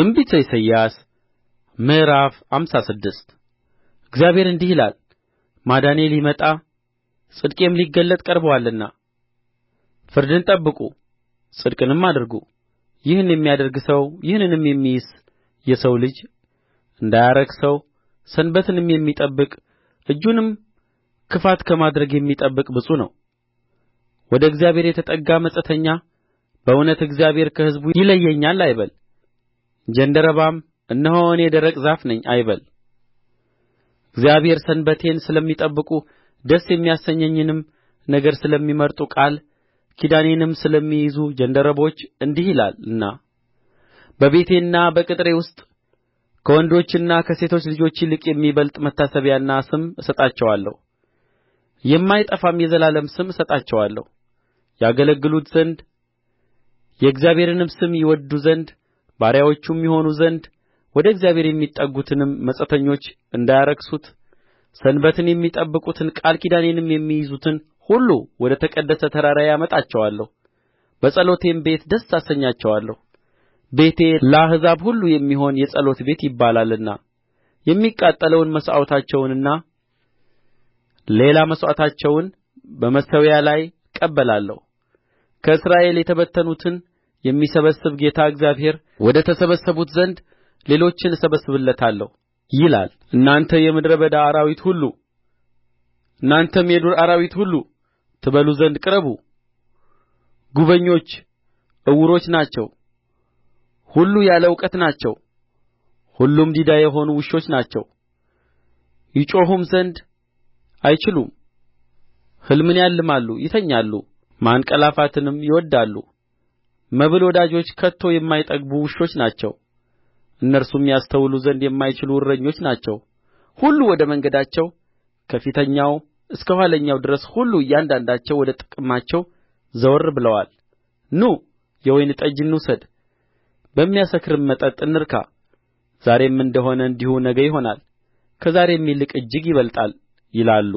ትንቢተ ኢሳይያስ ምዕራፍ ሃምሳ ስድስት እግዚአብሔር እንዲህ ይላል ማዳኔ ሊመጣ ጽድቄም ሊገለጥ ቀርቦአልና ፍርድን ጠብቁ ጽድቅንም አድርጉ ይህን የሚያደርግ ሰው ይህንንም የሚይዝ የሰው ልጅ እንዳያረክሰው ሰንበትንም የሚጠብቅ እጁንም ክፋት ከማድረግ የሚጠብቅ ብፁዕ ነው ወደ እግዚአብሔር የተጠጋ መጻተኛ በእውነት እግዚአብሔር ከሕዝቡ ይለየኛል አይበል ጃንደረባም እነሆ እኔ ደረቅ ዛፍ ነኝ አይበል እግዚአብሔር ሰንበቴን ስለሚጠብቁ ደስ የሚያሰኘኝንም ነገር ስለሚመርጡ ቃል ኪዳኔንም ስለሚይዙ ጃንደረቦች እንዲህ ይላልና በቤቴና በቅጥሬ ውስጥ ከወንዶችና ከሴቶች ልጆች ይልቅ የሚበልጥ መታሰቢያና ስም እሰጣቸዋለሁ የማይጠፋም የዘላለም ስም እሰጣቸዋለሁ ያገለግሉት ዘንድ የእግዚአብሔርንም ስም ይወድዱ ዘንድ ባሪያዎቹም ይሆኑ ዘንድ ወደ እግዚአብሔር የሚጠጉትንም መጻተኞች እንዳያረክሱት ሰንበትን የሚጠብቁትን ቃል ኪዳኔንም የሚይዙትን ሁሉ ወደ ተቀደሰ ተራራዬ አመጣቸዋለሁ በጸሎቴም ቤት ደስ አሰኛቸዋለሁ ቤቴ ለአሕዛብ ሁሉ የሚሆን የጸሎት ቤት ይባላልና የሚቃጠለውን መሥዋዕታቸውንና ሌላ መሥዋዕታቸውን በመሠዊያዬ ላይ እቀበላለሁ ከእስራኤል የተበተኑትን የሚሰበስብ ጌታ እግዚአብሔር ወደ ተሰበሰቡት ዘንድ ሌሎችን እሰበስብለታለሁ ይላል እናንተ የምድረ በዳ አራዊት ሁሉ እናንተም የዱር አራዊት ሁሉ ትበሉ ዘንድ ቅረቡ ጉበኞች ዕውሮች ናቸው ሁሉ ያለ እውቀት ናቸው ሁሉም ዲዳ የሆኑ ውሾች ናቸው ይጮኹም ዘንድ አይችሉም ሕልምን ያልማሉ ይተኛሉ ማንቀላፋትንም ይወድዳሉ መብል ወዳጆች ከቶ የማይጠግቡ ውሾች ናቸው እነርሱም ያስተውሉ ዘንድ የማይችሉ እረኞች ናቸው ሁሉ ወደ መንገዳቸው ከፊተኛው እስከ ኋለኛው ድረስ ሁሉ እያንዳንዳቸው ወደ ጥቅማቸው ዘወር ብለዋል ኑ የወይን ጠጅ እንውሰድ በሚያሰክርም መጠጥ እንርካ ዛሬም እንደ ሆነ እንዲሁ ነገ ይሆናል ከዛሬም ይልቅ እጅግ ይበልጣል ይላሉ